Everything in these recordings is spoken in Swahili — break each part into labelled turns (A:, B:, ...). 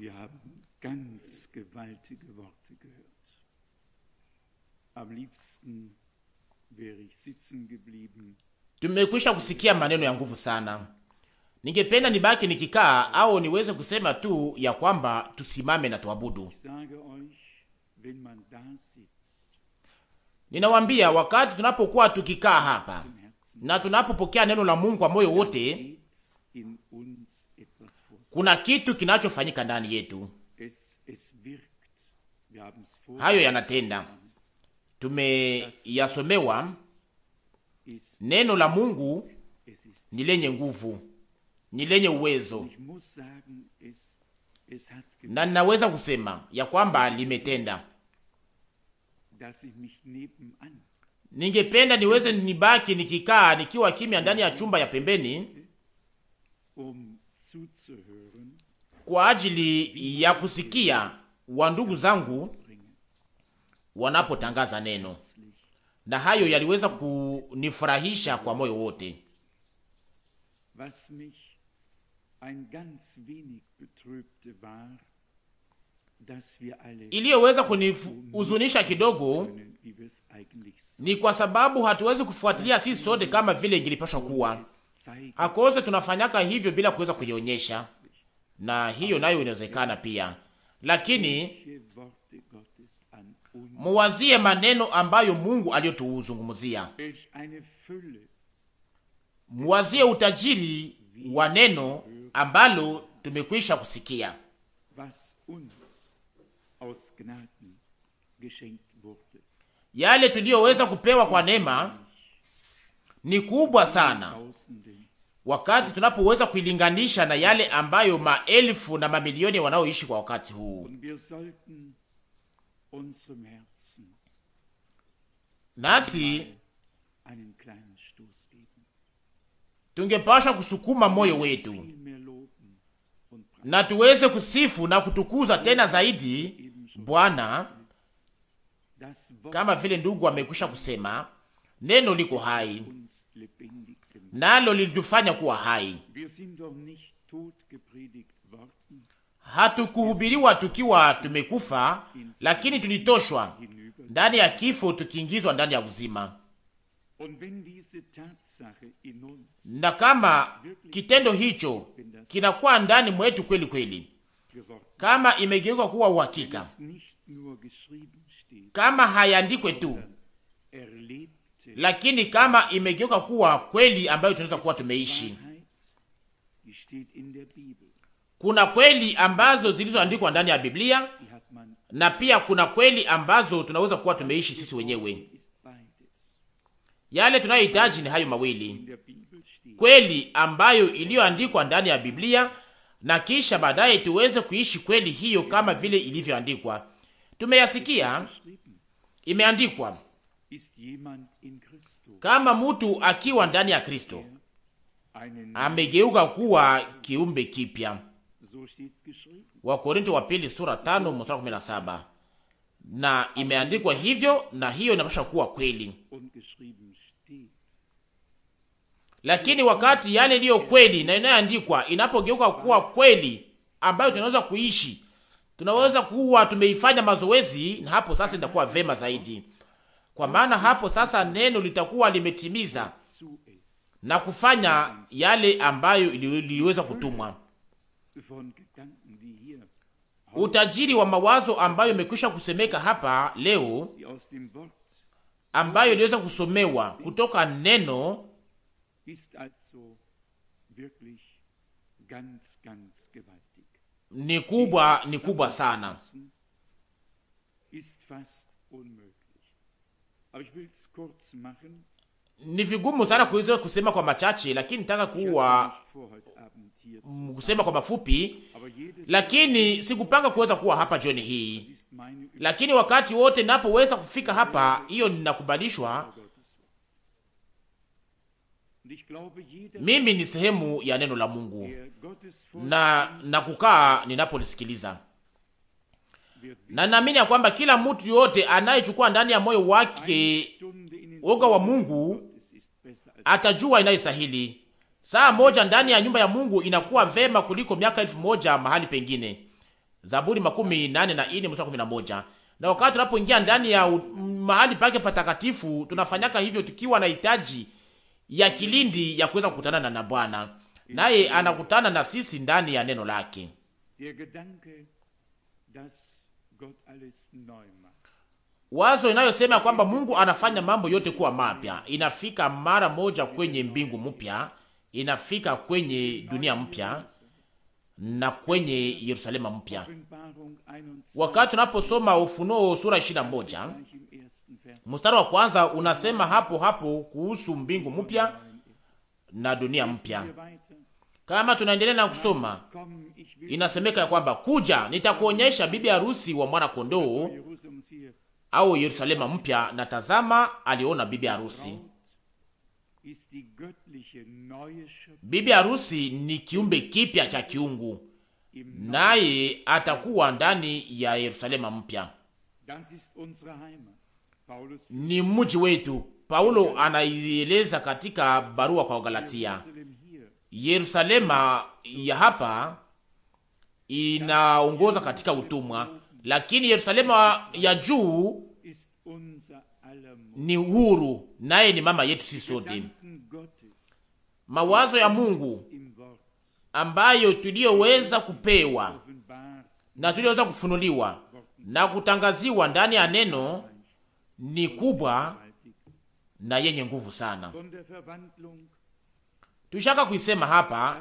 A: Wir haben ganz gewaltige Worte gehört. Am liebsten wäre ich sitzen geblieben.
B: Tumekwisha kusikia maneno ya nguvu sana. Ningependa nibaki nikikaa au niweze kusema tu ya kwamba tusimame na tuabudu. ninawambia wakati tunapokuwa tukikaa hapa na tunapopokea neno la Mungu kwa moyo wote, kuna kitu kinachofanyika ndani yetu, hayo yanatenda. Tumeyasomewa, neno la Mungu ni lenye nguvu, ni lenye uwezo, na ninaweza kusema ya kwamba limetenda. Ningependa niweze nibaki nikikaa nikiwa kimya ndani ya chumba ya pembeni, um, kwa ajili ya kusikia wa ndugu zangu wanapotangaza neno, na hayo yaliweza kunifurahisha kwa moyo wote. Iliyoweza kunihuzunisha kidogo ni kwa sababu hatuwezi kufuatilia sisi sote kama vile ingilipashwa kuwa Akose tunafanyaka hivyo bila kuweza kuionyesha, na hiyo nayo inawezekana pia, lakini muwazie maneno ambayo Mungu aliyotuzungumzia muwazie utajiri wa neno ambalo tumekwisha kusikia yale tuliyoweza kupewa kwa neema ni kubwa sana wakati tunapoweza kuilinganisha na yale ambayo maelfu na mamilioni wanaoishi kwa wakati huu, nasi tungepasha kusukuma moyo wetu na tuweze kusifu na kutukuza tena zaidi Bwana, kama vile ndugu amekwisha kusema. Neno liko hai nalo lilijufanya kuwa hai. Hatukuhubiriwa tukiwa tumekufa, lakini tulitoshwa ndani ya kifo tukiingizwa ndani ya uzima. Na kama kitendo hicho kinakuwa ndani mwetu kweli kweli, kama imegeuka kuwa uhakika, kama hayandikwe tu lakini kama imegeuka kuwa kweli ambayo tunaweza kuwa tumeishi. Kuna kweli ambazo zilizoandikwa ndani ya Biblia na pia kuna kweli ambazo tunaweza kuwa tumeishi sisi wenyewe. Yale tunayohitaji ni hayo mawili, kweli ambayo iliyoandikwa ndani ya Biblia na kisha baadaye tuweze kuishi kweli hiyo kama vile ilivyoandikwa. Tumeyasikia, imeandikwa kama mtu akiwa ndani ya Kristo amegeuka kuwa kiumbe kipya. Wakorinto wa pili sura tano mstari kumi na saba na imeandikwa hivyo, na hiyo inapasha kuwa kweli. Lakini wakati yale iliyo kweli na inayoandikwa inapogeuka kuwa kweli ambayo tunaweza kuishi, tunaweza kuwa tumeifanya mazoezi, na hapo sasa itakuwa vema zaidi kwa maana hapo sasa neno litakuwa limetimiza na kufanya yale ambayo iliweza kutumwa. Utajiri wa mawazo ambayo imekwisha kusemeka hapa leo, ambayo iliweza kusomewa kutoka neno ni kubwa, ni kubwa sana. Ni vigumu sana kuweza kusema kwa machache, lakini nataka kuwa mm, kusema kwa mafupi, lakini sikupanga kuweza kuwa hapa jioni hii, lakini wakati wote ninapoweza kufika hapa, hiyo ninakubalishwa. Mimi ni sehemu ya neno la Mungu na nakukaa ninapolisikiliza na naamini ya kwamba kila mtu yote anayechukua ndani ya moyo wake woga wa Mungu atajua inayostahili. Saa moja ndani ya nyumba ya Mungu inakuwa vema kuliko miaka elfu moja mahali pengine. Zaburi makumi nane na ine mstari kumi na moja. Na wakati tunapoingia ndani ya mahali pake patakatifu, tunafanyaka hivyo tukiwa na hitaji ya kilindi ya kuweza kukutanana na Bwana, naye anakutana na sisi ndani ya neno lake wazo inayosema kwamba Mungu anafanya mambo yote kuwa mapya inafika mara moja kwenye mbingu mpya, inafika kwenye dunia mpya na kwenye Yerusalema mpya. Wakati tunaposoma Ufunuo sura 21 mstari wa kwanza unasema hapo hapo kuhusu mbingu mpya na dunia mpya. Kama tunaendelea na kusoma, inasemeka ya kwamba kuja, nitakuonyesha bibi harusi wa mwana kondoo au Yerusalema mpya, na tazama, aliona bibi harusi. Bibi harusi ni kiumbe kipya cha kiungu, naye atakuwa ndani ya Yerusalema mpya. Ni mji wetu. Paulo anaieleza katika barua kwa Galatia Yerusalema ya hapa inaongoza katika utumwa, lakini Yerusalema ya juu ni huru, naye ni mama yetu sisi sote. Mawazo ya Mungu ambayo tuliyoweza kupewa na tuliyoweza kufunuliwa na kutangaziwa ndani ya neno ni kubwa na yenye nguvu sana. Tushaka kuisema hapa,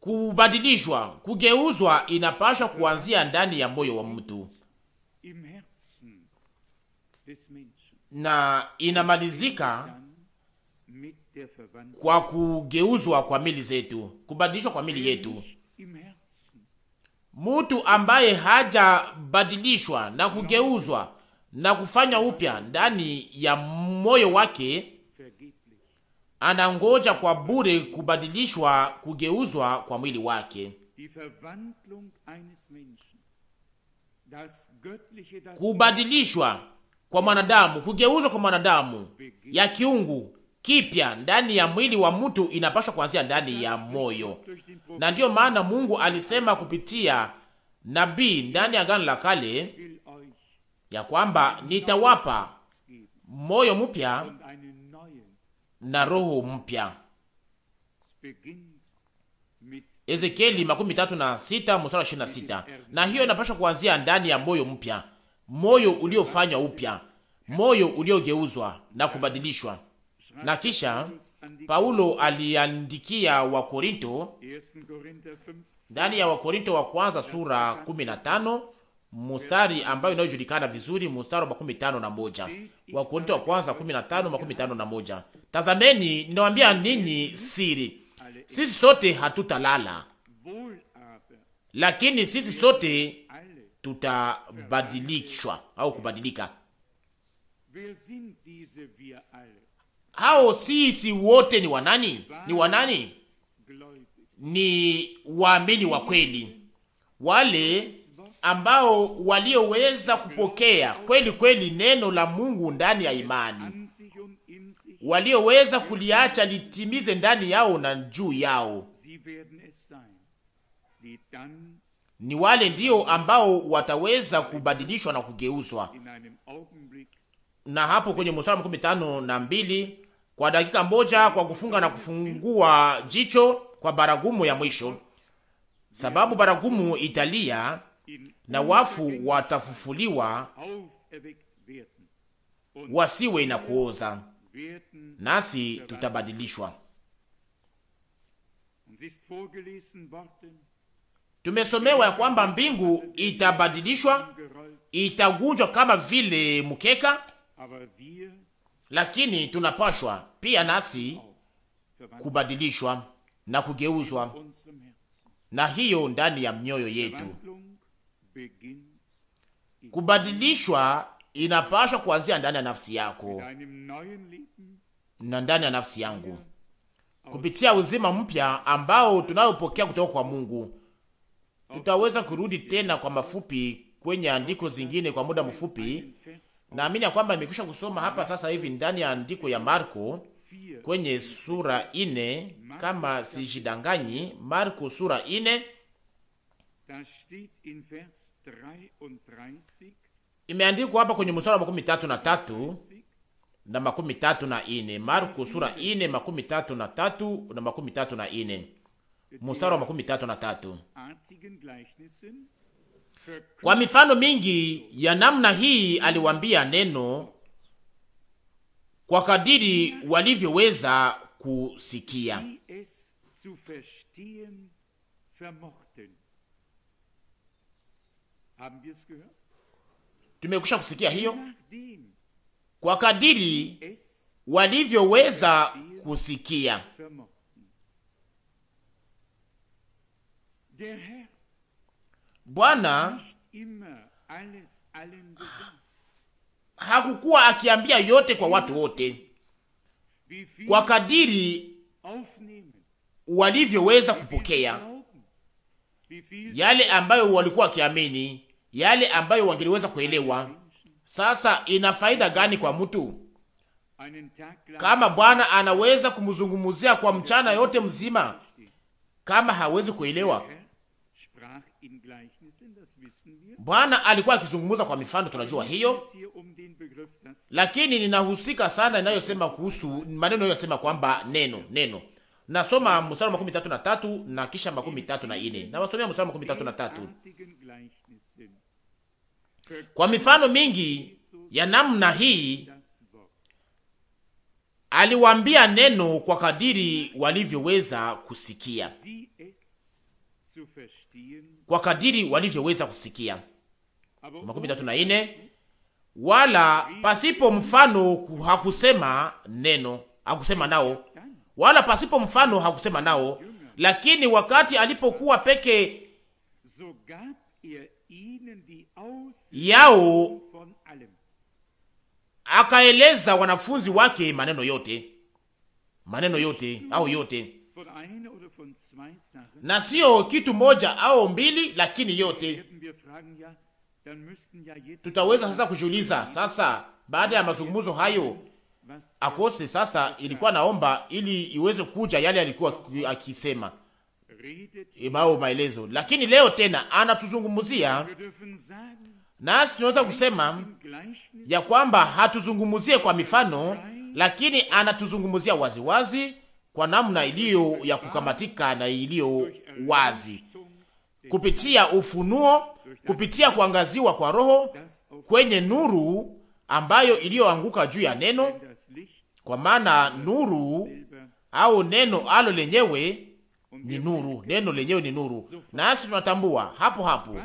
B: kubadilishwa, kugeuzwa inapashwa kuanzia ndani ya moyo wa mtu na inamalizika kwa kugeuzwa kwa mili zetu, kubadilishwa kwa mili yetu. Mtu ambaye hajabadilishwa na kugeuzwa na kufanya upya ndani ya moyo wake anangoja kwa bure kubadilishwa, kugeuzwa kwa mwili wake.
A: Kubadilishwa
B: kwa mwanadamu, kugeuzwa kwa mwanadamu ya kiungu kipya ndani ya mwili wa mtu inapaswa kuanzia ndani ya moyo, na ndiyo maana Mungu alisema kupitia nabii ndani ya Agano la Kale ya kwamba nitawapa moyo mpya na roho mpya. Ezekieli makumi tatu na sita mstari ishirini na sita. Na hiyo inapaswa kuanzia ndani ya moyo mpya, moyo uliofanywa upya, moyo uliogeuzwa na kubadilishwa. Na kisha Paulo aliandikia Wakorinto ndani ya Wakorinto wa kwanza sura 15 mustari ambayo inayojulikana vizuri, mustari wa makumi tano na moja Wakorintho wa kwanza kumi na tano makumi tano na moja Tazameni, ninawambia nini siri, sisi sote hatutalala, lakini sisi sote tutabadilishwa au kubadilika. Hao sisi wote ni wanani? Ni wanani? Ni waamini wa kweli wale ambao walioweza kupokea kweli kweli neno la Mungu ndani ya imani, walioweza kuliacha litimize ndani yao na juu yao, ni wale ndio ambao wataweza kubadilishwa na kugeuzwa. Na hapo kwenye mstari makumi tano na mbili kwa dakika moja, kwa kufunga na kufungua jicho kwa baragumu ya mwisho, sababu baragumu italia na wafu watafufuliwa
A: wasiwe na kuoza,
B: nasi tutabadilishwa. Tumesomewa ya kwamba mbingu itabadilishwa, itagunjwa kama vile mkeka, lakini tunapashwa pia nasi kubadilishwa na kugeuzwa, na hiyo ndani ya mioyo yetu Kubadilishwa inapashwa kuanzia ndani ya nafsi yako na ndani ya nafsi yangu kupitia uzima mpya ambao tunayopokea kutoka kwa Mungu. Tutaweza kurudi tena kwa mafupi kwenye andiko zingine kwa muda mfupi. Naamini ya kwamba nimekwisha kusoma hapa sasa hivi ndani ya andiko ya Marko kwenye sura ine, kama sijidanganyi, Marko sura ine Imeandikwa hapa kwenye mstari wa makumi tatu na tatu na makumi tatu na ine Marko sura ine makumi tatu na tatu na makumi tatu na ine mstari wa makumi tatu na tatu Kwa mifano mingi ya namna hii aliwambia neno kwa kadiri walivyoweza kusikia. Tumekusha kusikia hiyo, kwa kadiri walivyoweza kusikia. Bwana hakukuwa akiambia yote kwa watu wote, kwa kadiri walivyoweza kupokea yale ambayo walikuwa wakiamini yale ambayo wangeliweza kuelewa. Sasa ina faida gani kwa mtu kama Bwana anaweza kumzungumzia kwa mchana yote mzima kama hawezi kuelewa? Bwana alikuwa akizungumza kwa mifano, tunajua hiyo, lakini ninahusika sana inayosema kuhusu maneno yanayosema kwamba neno neno. Nasoma mstari makumi tatu na tatu na kisha makumi tatu na ine. Nawasomea mstari makumi tatu na tatu. Kwa mifano mingi ya namna hii aliwaambia neno kwa kadiri walivyoweza kusikia, kwa kadiri walivyoweza kusikia. makumi tatu na Wala pasipo mfano hakusema neno, hakusema nao, wala pasipo mfano hakusema nao. Lakini wakati alipokuwa peke yao akaeleza wanafunzi wake maneno yote, maneno yote au yote, na sio kitu moja au mbili, lakini yote. Tutaweza sasa kujiuliza sasa, baada ya mazungumzo hayo akose sasa, ilikuwa naomba ili iweze kuja yale alikuwa akisema bao maelezo, lakini leo tena anatuzungumzia, nasi tunaweza kusema ya kwamba hatuzungumzie kwa mifano, lakini anatuzungumzia waziwazi kwa namna iliyo ya kukamatika na iliyo wazi kupitia ufunuo, kupitia kuangaziwa kwa Roho kwenye nuru ambayo iliyoanguka juu ya neno, kwa maana nuru au neno alo lenyewe ni nuru, neno lenyewe ni nuru, nasi tunatambua hapo hapo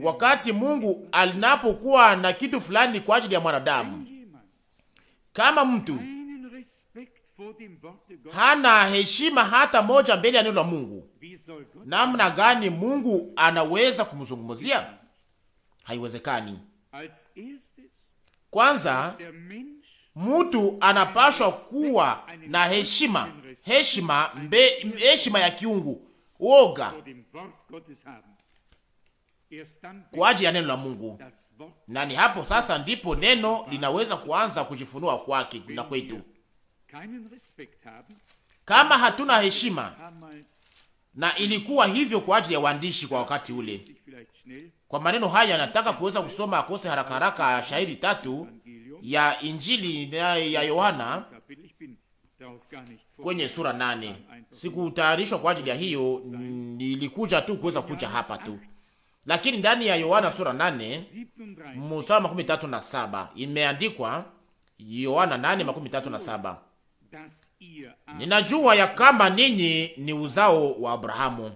B: wakati Mungu alinapokuwa na kitu fulani kwa ajili ya mwanadamu. Kama mtu hana heshima hata moja mbele ya neno la Mungu, namna gani Mungu anaweza kumzungumzia? Haiwezekani. Kwanza mtu anapashwa kuwa na heshima heshima mbe, heshima ya kiungu uoga kwa ajili ya neno la Mungu, na ni hapo sasa ndipo neno linaweza kuanza kujifunua kwake na kwetu. Kama hatuna heshima, na ilikuwa hivyo kwa ajili ya waandishi kwa wakati ule. Kwa maneno haya, nataka kuweza kusoma akose haraka haraka shairi tatu ya Injili ya Yohana kwenye sura nane. Sikutayarishwa kwa ajili ya hiyo, nilikuja tu kuweza kuja hapa tu, lakini ndani ya Yohana sura nane mstari makumi tatu na saba imeandikwa Yohana nane makumi tatu na saba ninajua ya kama ninyi ni uzao wa Abrahamu,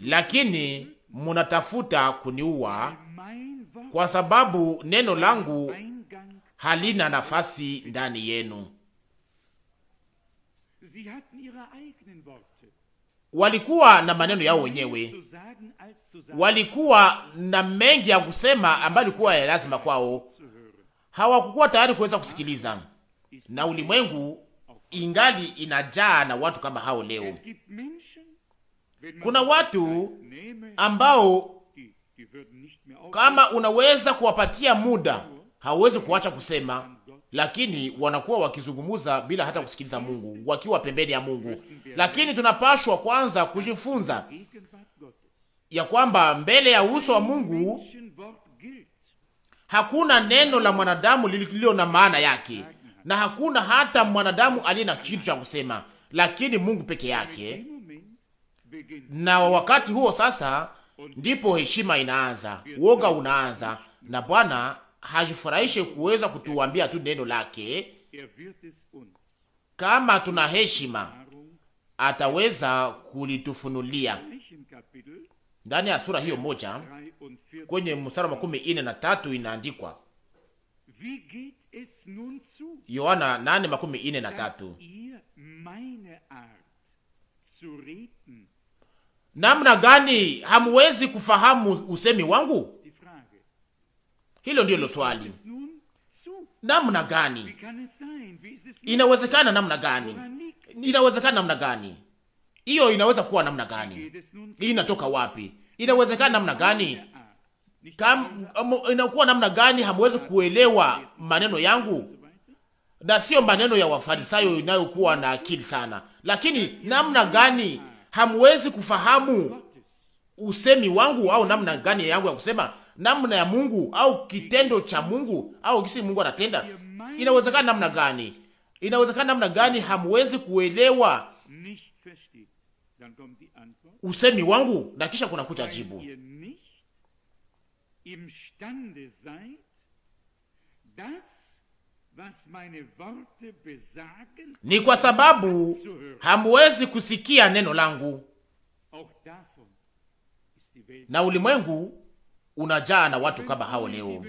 B: lakini munatafuta kuniua kwa sababu neno langu halina nafasi ndani yenu walikuwa na maneno yao wenyewe, walikuwa na mengi ya kusema ambayo ilikuwa ya lazima kwao. Hawakukuwa tayari kuweza kusikiliza, na ulimwengu ingali inajaa na watu kama hao leo. Kuna watu ambao kama unaweza kuwapatia muda, hauwezi kuacha kusema lakini wanakuwa wakizungumuza bila hata kusikiliza Mungu, wakiwa pembeni ya Mungu. Lakini tunapashwa kwanza kujifunza ya kwamba mbele ya uso wa Mungu hakuna neno la mwanadamu lililo na maana yake, na hakuna hata mwanadamu aliye na kitu cha kusema, lakini Mungu peke yake. Na wakati huo sasa ndipo heshima inaanza, woga unaanza, na Bwana hajifurahishe kuweza kutuambia tu neno lake. Kama tuna heshima, ataweza kulitufunulia ndani ya sura hiyo moja kwenye mstari wa makumi ine na tatu inaandikwa Yohana nane makumi ine na tatu namna gani hamuwezi kufahamu usemi wangu hilo ndio swali. Namna gani inawezekana? Namna gani inawezekana? Namna gani hiyo inaweza kuwa namna gani? Hii inatoka wapi? Inawezekana namna gani? Ah, Kam, um, inakuwa namna gani? Hamwezi kuelewa maneno yangu, na sio maneno ya Wafarisayo inayokuwa na akili sana, lakini namna gani hamwezi kufahamu usemi wangu au namna gani yangu ya kusema namna ya Mungu au kitendo cha Mungu au kisi Mungu anatenda? Inawezekana namna gani? Inawezekana namna gani? Hamwezi kuelewa usemi wangu, na kisha kuna kuja jibu ni kwa sababu hamwezi kusikia neno langu, na ulimwengu unajaa na watu kama hao leo,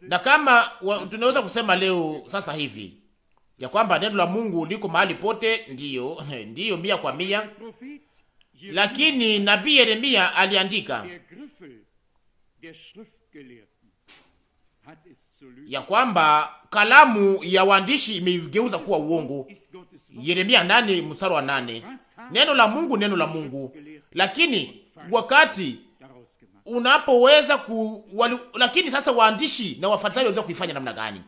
B: na kama tunaweza kusema leo sasa hivi ya kwamba neno la Mungu liko mahali pote, ndiyo ndiyo, mia kwa mia. Lakini nabii Yeremia aliandika ya kwamba kalamu ya waandishi imegeuza kuwa uongo. Yeremia nane mstari wa nane. Neno la Mungu, neno la Mungu. Lakini wakati unapoweza ku wali, lakini sasa waandishi na wafarisayo waweza kuifanya namna gani?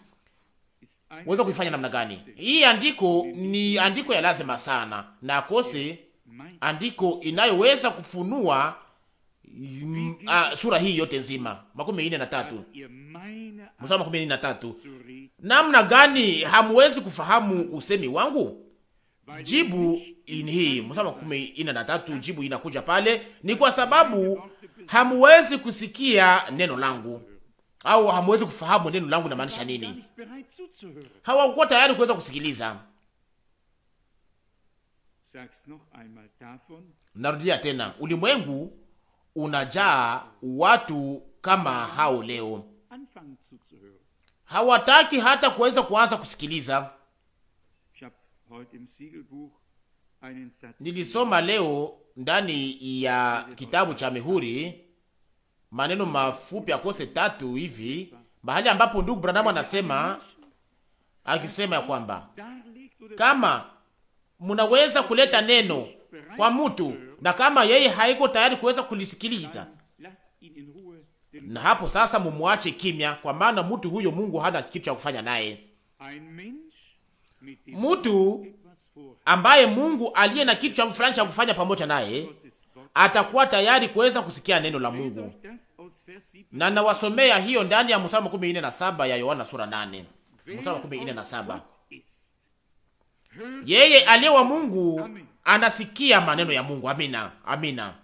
B: Waweza kuifanya namna gani? Hii andiko ni andiko ya lazima sana na kose andiko inayoweza kufunua m, mm, a, ah, sura hii yote nzima. makumi ine na tatu mstari makumi ine na tatu namna gani hamwezi kufahamu usemi wangu? Jibu ni hii, mstari makumi ine na tatu. Jibu inakuja pale, ni kwa sababu hamuwezi kusikia neno langu au hamuwezi kufahamu neno langu namaanisha nini. Hawakuwa tayari kuweza kusikiliza. Narudia tena, ulimwengu unajaa watu kama hao leo, hawataki hata kuweza kuanza kusikiliza. Nilisoma leo ndani ya kitabu cha Mihuri maneno mafupi akose tatu hivi, mahali ambapo ndugu Branham anasema akisema ya kwamba kama munaweza kuleta neno kwa mtu na kama yeye haiko tayari kuweza kulisikiliza, na hapo sasa mumwache kimya, kwa maana mtu huyo Mungu hana kitu cha kufanya naye. Mtu ambaye Mungu aliye na kitu cha fulani cha kufanya pamoja naye atakuwa tayari kuweza kusikia neno la Mungu. Na nawasomea hiyo ndani ya mstari makumi nne na saba ya Yohana sura nane mstari makumi nne na saba yeye aliye wa Mungu anasikia maneno ya Mungu. Amina, amina.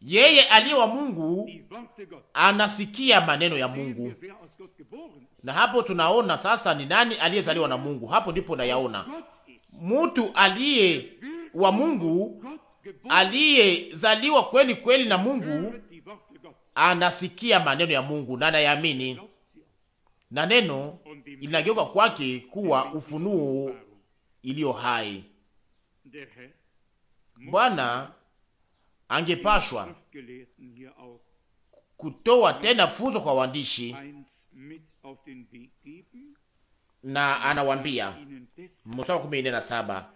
B: Yeye aliye wa Mungu anasikia maneno ya Mungu. Na hapo tunaona sasa ni nani aliyezaliwa na Mungu. Hapo ndipo nayaona mtu aliye wa Mungu, aliyezaliwa kweli kweli na Mungu, anasikia maneno ya Mungu na anayamini, na neno inageuka kwake kuwa ufunuo iliyo hai. Bwana angepashwa kutoa tena funzo kwa waandishi na anawambia mstari kumi na saba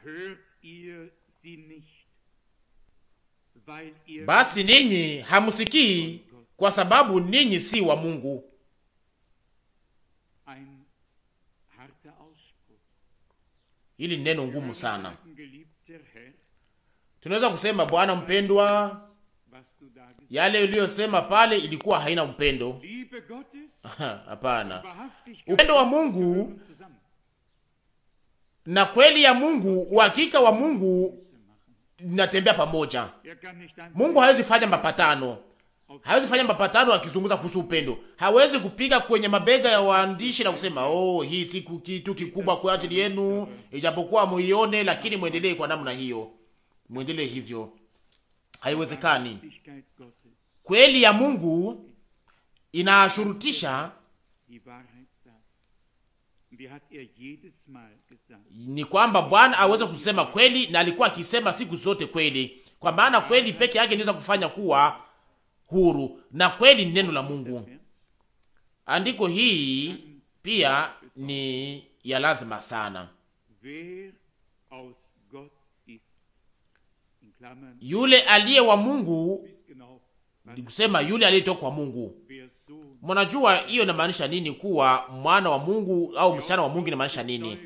B: basi ninyi hamsikii kwa sababu ninyi si wa Mungu. Hili ni neno ngumu sana. Tunaweza kusema Bwana mpendwa, yale uliyosema pale ilikuwa haina upendo. Hapana, upendo wa Mungu na kweli ya Mungu, uhakika wa Mungu natembea pamoja. Mungu hawezi fanya mapatano, hawezi fanya mapatano akizunguza kuhusu upendo. Hawezi kupiga kwenye mabega ya waandishi na kusema oh, hii si kitu kikubwa kwa ajili yenu, ijapokuwa muione, lakini mwendelee kwa namna hiyo, mwendelee hivyo. Haiwezekani. Kweli ya Mungu inashurutisha er ni kwamba Bwana aweze kusema kweli, na alikuwa akisema siku zote kweli, kwa maana kweli peke yake inaweza kufanya kuwa huru, na kweli ni neno la Mungu. Andiko hii pia ni ya lazima sana. Yule aliye wa Mungu ni kusema yule aliyetoka kwa Mungu Mnajua hiyo inamaanisha nini, kuwa mwana wa Mungu au msichana wa Mungu inamaanisha nini?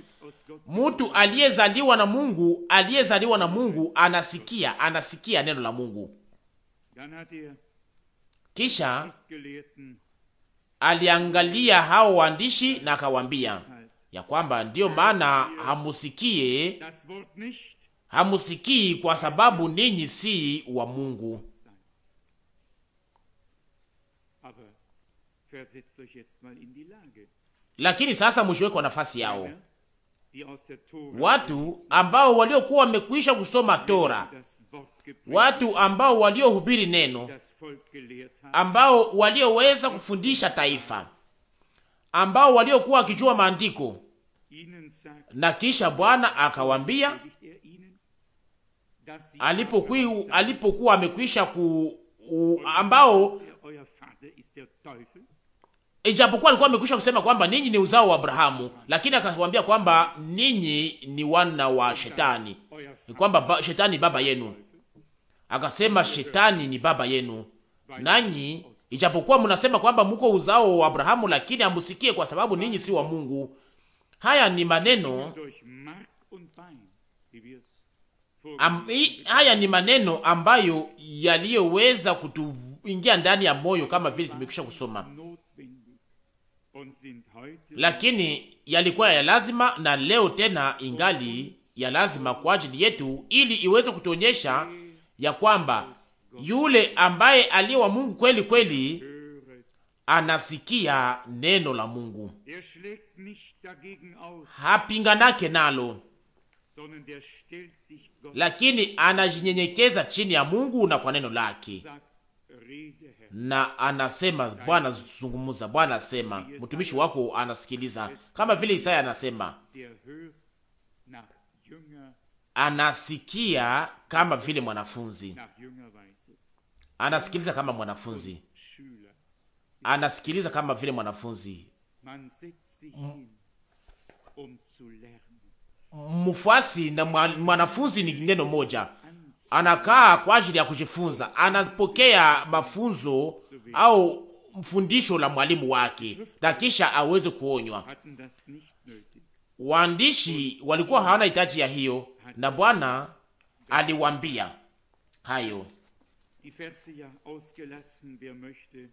B: Mtu aliyezaliwa na Mungu, aliyezaliwa na Mungu anasikia, anasikia neno la Mungu. Kisha aliangalia hao waandishi na akawaambia ya kwamba ndiyo maana hamusikie, hamusikii kwa sababu ninyi si wa Mungu. Lakini sasa mwishowe, kwa nafasi yao watu ambao waliokuwa wamekwisha kusoma Tora, watu ambao waliohubiri neno, ambao walioweza kufundisha taifa, ambao waliokuwa wakijua maandiko. Na kisha Bwana akawambia alipokuwa alipokuwa amekwisha ku u, ambao Ijapokuwa alikuwa amekwisha kusema kwamba ninyi ni uzao wa Abrahamu, lakini akawaambia kwamba ninyi ni wana wa Shetani, kwamba ba, Shetani baba yenu. Akasema Shetani ni baba yenu nanyi, ijapokuwa mnasema kwamba mko uzao wa Abrahamu, lakini amusikie, kwa sababu ninyi si wa Mungu. Haya ni maneno Am, i, haya ni maneno ambayo yaliyoweza kutuingia ndani ya moyo kama vile tumekwisha kusoma lakini yalikuwa ya lazima na leo tena ingali ya lazima kwa ajili yetu, ili iweze kutuonyesha ya kwamba yule ambaye aliye wa Mungu kweli kweli anasikia neno la Mungu,
A: hapinganake
B: nalo, lakini anajinyenyekeza chini ya Mungu na kwa neno lake na anasema, Bwana zungumuza, Bwana sema, mtumishi wako anasikiliza. Kama vile Isaya anasema anasikia kama vile mwanafunzi anasikiliza, kama mwanafunzi anasikiliza, kama vile mwanafunzi. Mfuasi na mwanafunzi ni neno moja anakaa kwa ajili ya kujifunza, anapokea mafunzo au mfundisho la mwalimu wake, na kisha aweze kuonywa. Waandishi walikuwa hawana hitaji ya hiyo, na Bwana aliwambia hayo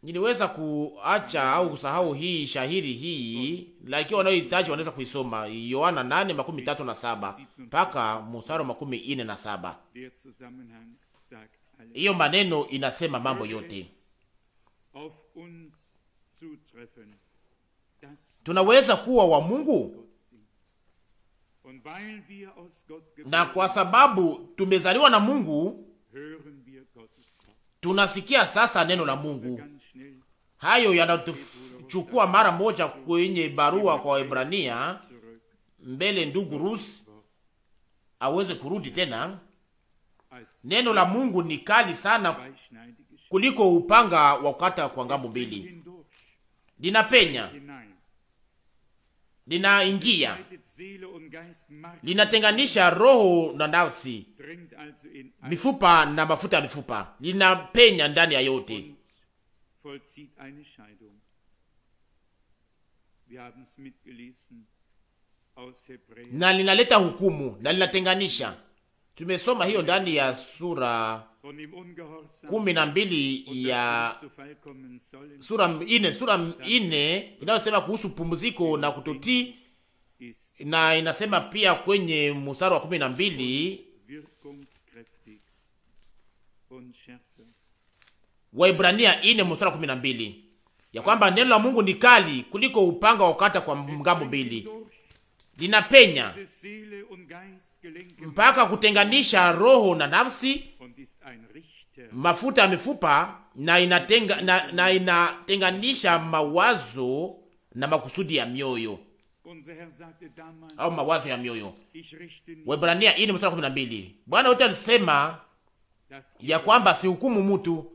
B: Niliweza kuacha au kusahau hii shahiri hii, lakini wanaohitaji wanaweza kuisoma Yohana 8 makumi tatu na saba mpaka mstari makumi ine na saba.
A: Hiyo maneno
B: inasema mambo yote tunaweza kuwa wa Mungu na kwa sababu tumezaliwa na Mungu Tunasikia sasa neno la Mungu. Hayo yanatuchukua mara moja kwenye barua kwa Waebrania mbele ndugu Rus aweze kurudi tena. Neno la Mungu ni kali sana kuliko upanga wa kukata kwa ngamu mbili, linapenya linaingia, linatenganisha roho na nafsi, mifupa na mafuta ya mifupa, linapenya ndani ya yote
A: na linaleta hukumu na linatenganisha
B: Tumesoma hiyo ndani ya sura
C: kumi na mbili ya sura ine, sura
B: ine inayosema kuhusu pumziko na kutotii, na inasema pia kwenye musara wa kumi na mbili Waibrania ine musara wa kumi na mbili ya kwamba neno la Mungu ni kali kuliko upanga wa ukata kwa ngambo mbili linapenya mpaka kutenganisha roho na nafsi, mafuta ya mifupa na inatenga, na, na inatenganisha mawazo na makusudi ya mioyo au mawazo ya mioyo. Waebrania 4:12 Bwana wetu alisema ya kwamba sihukumu mutu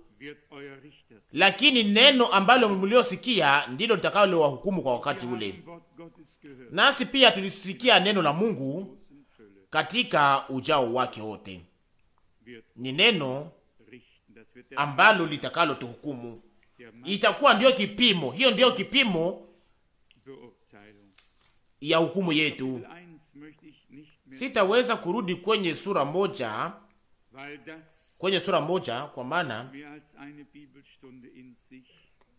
B: lakini neno ambalo mliosikia ndilo litakalo hukumu kwa wakati ule. Nasi pia tulisikia neno la Mungu katika ujao wake wote,
C: ni neno ambalo
B: litakalo tuhukumu. Itakuwa ndiyo kipimo, hiyo ndiyo kipimo ya hukumu yetu. Sitaweza kurudi kwenye sura moja kwenye sura moja, kwa maana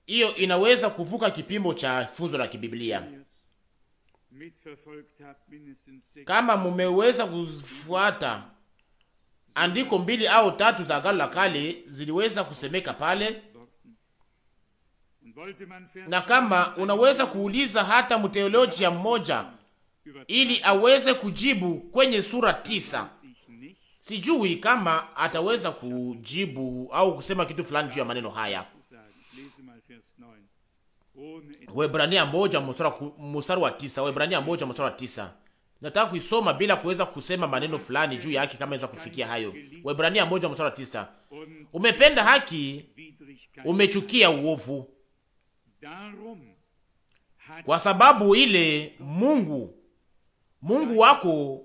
B: hiyo inaweza kuvuka kipimo cha funzo la kibiblia. Kama mumeweza kufuata andiko mbili au tatu za Agano la Kale ziliweza kusemeka pale, na kama unaweza kuuliza hata mteolojia mmoja ili aweze kujibu kwenye sura tisa Sijui kama ataweza kujibu au kusema kitu fulani juu ya maneno haya. Waebrania moja mstari wa tisa. Waebrania moja mstari wa tisa. Nataka kuisoma bila kuweza kusema maneno fulani juu yake kama inaweza kufikia hayo. Waebrania moja mstari wa tisa. Umependa haki, umechukia uovu. Kwa sababu ile Mungu Mungu wako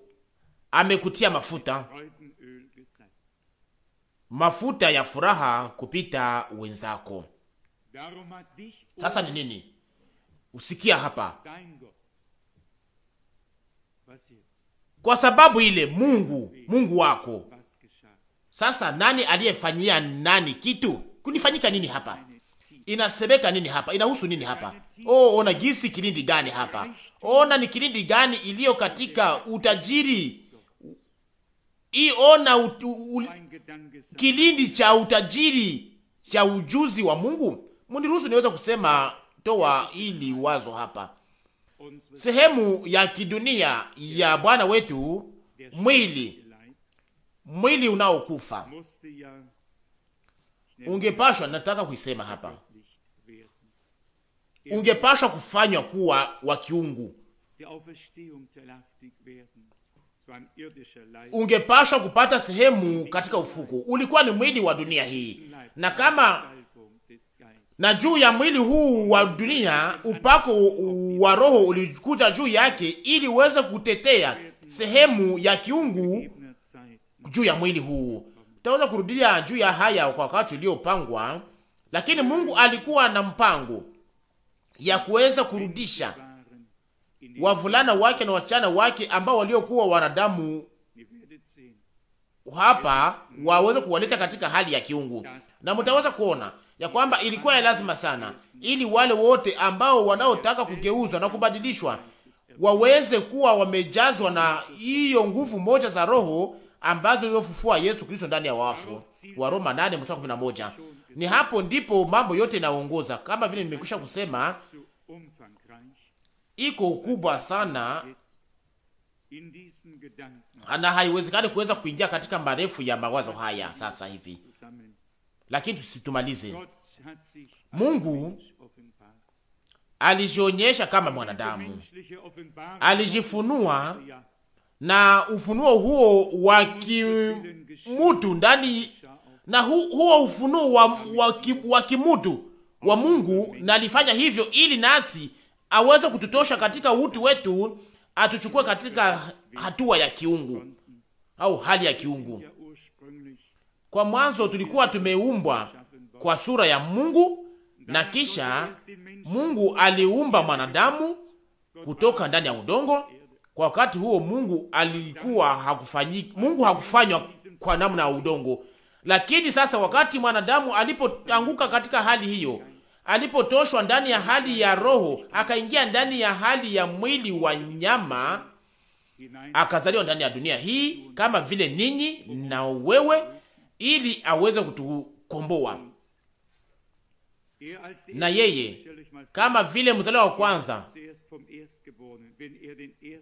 B: amekutia mafuta mafuta ya furaha kupita wenzako. Sasa ni nini usikia hapa? Kwa sababu ile Mungu Mungu wako sasa, nani aliyefanyia nani kitu? kunifanyika nini hapa? Inasemeka nini hapa? Inahusu nini hapa? Oh, ona gisi kilindi gani hapa? Ona ni kilindi gani iliyo katika utajiri hii ona utu, u, kilindi cha utajiri cha ujuzi wa Mungu. rusu niweza kusema toa ili wazo hapa, sehemu ya kidunia ya Bwana wetu mwili, mwili unaokufa ungepashwa, nataka kuisema hapa, ungepashwa kufanywa kuwa wa kiungu
A: ungepashwa
B: kupata sehemu katika ufuku. Ulikuwa ni mwili wa dunia hii, na kama na juu ya mwili huu wa dunia upako wa Roho ulikuja juu yake, ili uweze kutetea sehemu ya kiungu juu ya mwili huu. Tutaweza kurudia juu ya haya kwa wakati uliopangwa, lakini Mungu alikuwa na mpango ya kuweza kurudisha wavulana wake na wasichana wake ambao waliokuwa wanadamu hapa waweze kuwaleta katika hali ya kiungu, na mtaweza kuona ya kwamba ilikuwa ya lazima sana, ili wale wote ambao wanaotaka kugeuzwa na kubadilishwa waweze kuwa wamejazwa na hiyo nguvu moja za roho ambazo iliyofufua Yesu Kristo ndani ya wafu. Roma 8:11. Ni hapo ndipo mambo yote inaongoza, kama vile nimekwisha kusema iko kubwa sana na haiwezekani kuweza kuingia katika marefu ya mawazo haya sasa hivi, lakini tusitumalize. Mungu alijionyesha kama mwanadamu, alijifunua na ufunuo huo wa kimutu ndani na hu, huo ufunuo wa, wa, wa kimutu wa Mungu, na alifanya hivyo ili nasi aweze kututosha katika utu wetu, atuchukue katika hatua ya kiungu au hali ya kiungu. Kwa mwanzo tulikuwa tumeumbwa kwa sura ya Mungu, na kisha Mungu aliumba mwanadamu kutoka ndani ya udongo. Kwa wakati huo Mungu alikuwa hakufanyi, Mungu hakufanywa kwa namna ya udongo, lakini sasa wakati mwanadamu alipoanguka katika hali hiyo alipotoshwa ndani ya hali ya roho akaingia ndani ya hali ya mwili wa nyama, akazaliwa ndani ya dunia hii kama vile ninyi na wewe, ili aweze kutukomboa.
C: Na yeye
B: kama vile mzaliwa wa kwanza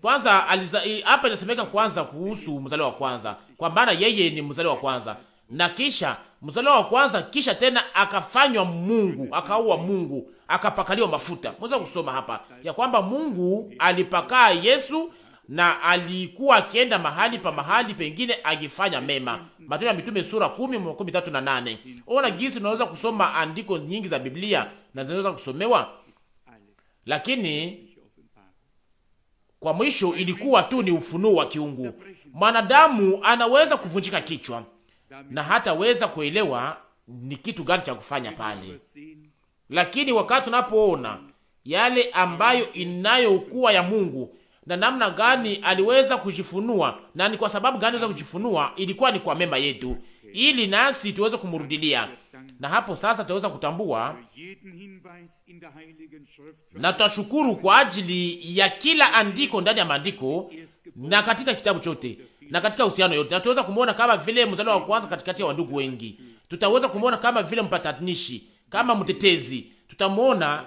B: kwanza, hapa inasemeka kwanza kuhusu mzaliwa wa kwanza, kwa maana yeye ni mzaliwa wa kwanza na kisha mzaliwa wa kwanza, kisha tena akafanywa Mungu, akaua Mungu, akapakaliwa mafuta. Mweza kusoma hapa ya kwamba Mungu alipakaa Yesu na alikuwa akienda mahali pa mahali pengine akifanya mema. Matendo ya Mitume sura 10 makumi tatu na nane. Ona jinsi tunaweza kusoma andiko nyingi za Biblia na zinaweza kusomewa, lakini kwa mwisho ilikuwa tu ni ufunuo wa kiungu. Mwanadamu anaweza kuvunjika kichwa na hataweza kuelewa ni kitu gani cha kufanya pale. Lakini wakati tunapoona yale ambayo inayokuwa ya Mungu na namna gani aliweza kujifunua na ni kwa sababu gani aliweza kujifunua, ilikuwa ni kwa mema yetu, ili nasi tuweze kumrudilia. Na hapo sasa tutaweza kutambua na tutashukuru kwa ajili ya kila andiko ndani ya maandiko na katika kitabu chote, na katika uhusiano yote, na tutaweza kumwona kama vile mzaliwa wa kwanza katikati ya wandugu wengi. Tutaweza kumwona kama vile mpatanishi, kama mtetezi. Tutamwona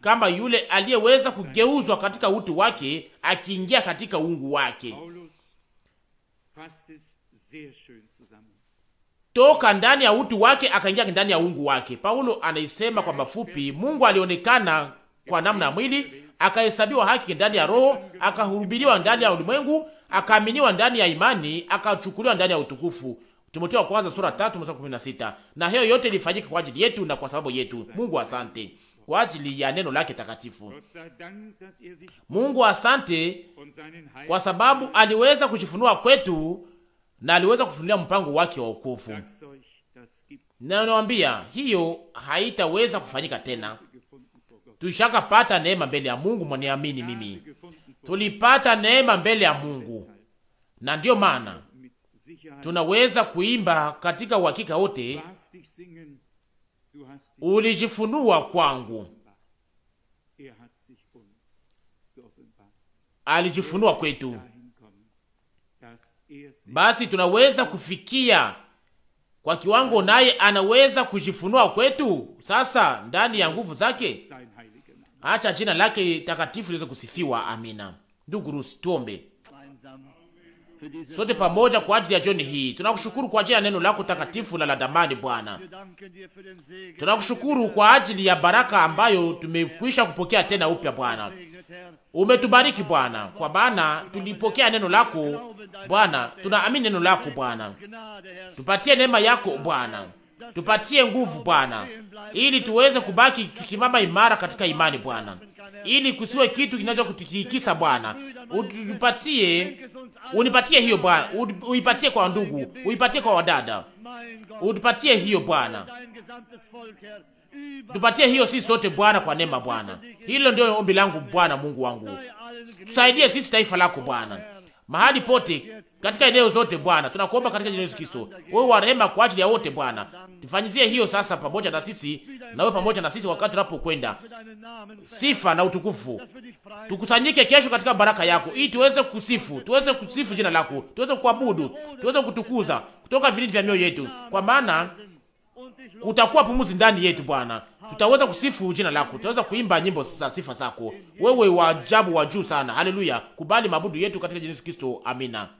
B: kama yule aliyeweza kugeuzwa katika utu wake akiingia katika uungu wake toka ndani ya utu wake akaingia ndani ya uungu wake. Paulo anaisema kwa mafupi, Mungu alionekana kwa namna ya mwili, akahesabiwa haki ndani ya Roho, akahubiriwa ndani ya ulimwengu, akaaminiwa ndani ya imani, akachukuliwa ndani ya utukufu. Timotheo wa kwanza sura tatu mstari 16. Na hiyo yote ilifanyika kwa ajili yetu na kwa sababu yetu. Mungu asante kwa ajili ya neno lake takatifu. Mungu asante kwa sababu aliweza kujifunua kwetu na aliweza kufunulia mpango wake wa wokovu. Na nawaambia hiyo haitaweza kufanyika tena. Tushakapata neema mbele ya Mungu, mwaniamini mimi tulipata neema mbele ya Mungu, na ndiyo maana tunaweza kuimba katika uhakika wote, ulijifunua kwangu, alijifunua kwetu. Basi tunaweza kufikia kwa kiwango, naye anaweza kujifunua kwetu sasa ndani ya nguvu zake. Acha jina lake takatifu liweze kusifiwa. Amina. Ndugu Rusi, tuombe sote pamoja kwa ajili ya jioni hii. Tunakushukuru kwa ajili ya neno lako takatifu na la damani. Bwana, tunakushukuru kwa ajili ya baraka ambayo tumekwisha kupokea tena upya. Bwana, umetubariki Bwana, kwa maana tulipokea neno lako Bwana, tunaamini neno lako Bwana, tupatie neema yako Bwana Tupatie nguvu Bwana, ili tuweze kubaki tukimama imara katika imani Bwana, ili kusiwe kitu kinacho kututikisa Bwana. Utupatie, unipatie hiyo Bwana, uipatie kwa ndugu, uipatie kwa wadada, utupatie hiyo Bwana, tupatie hiyo sisi sote Bwana, kwa neema Bwana. Hilo ndio ombi langu Bwana, Mungu wangu, tusaidie sisi taifa lako Bwana mahali pote katika eneo zote Bwana, tunakuomba katika jina la Yesu Kristo, wewe wa rehema kwa ajili ya wote Bwana, tufanyizie hiyo sasa, pamoja na sisi na wewe pamoja na sisi wakati tunapokwenda. Sifa na utukufu, tukusanyike kesho katika baraka yako, ili tuweze kusifu, tuweze kusifu jina lako, tuweze kuabudu, tuweze kutukuza kutoka vilindi vya mioyo yetu, kwa maana kutakuwa pumuzi ndani yetu Bwana, tutaweza kusifu jina lako, tutaweza kuimba nyimbo za sifa zako, wewe wa ajabu wa juu sana. Haleluya! Kubali mabudu yetu katika jina la Yesu Kristo, amina.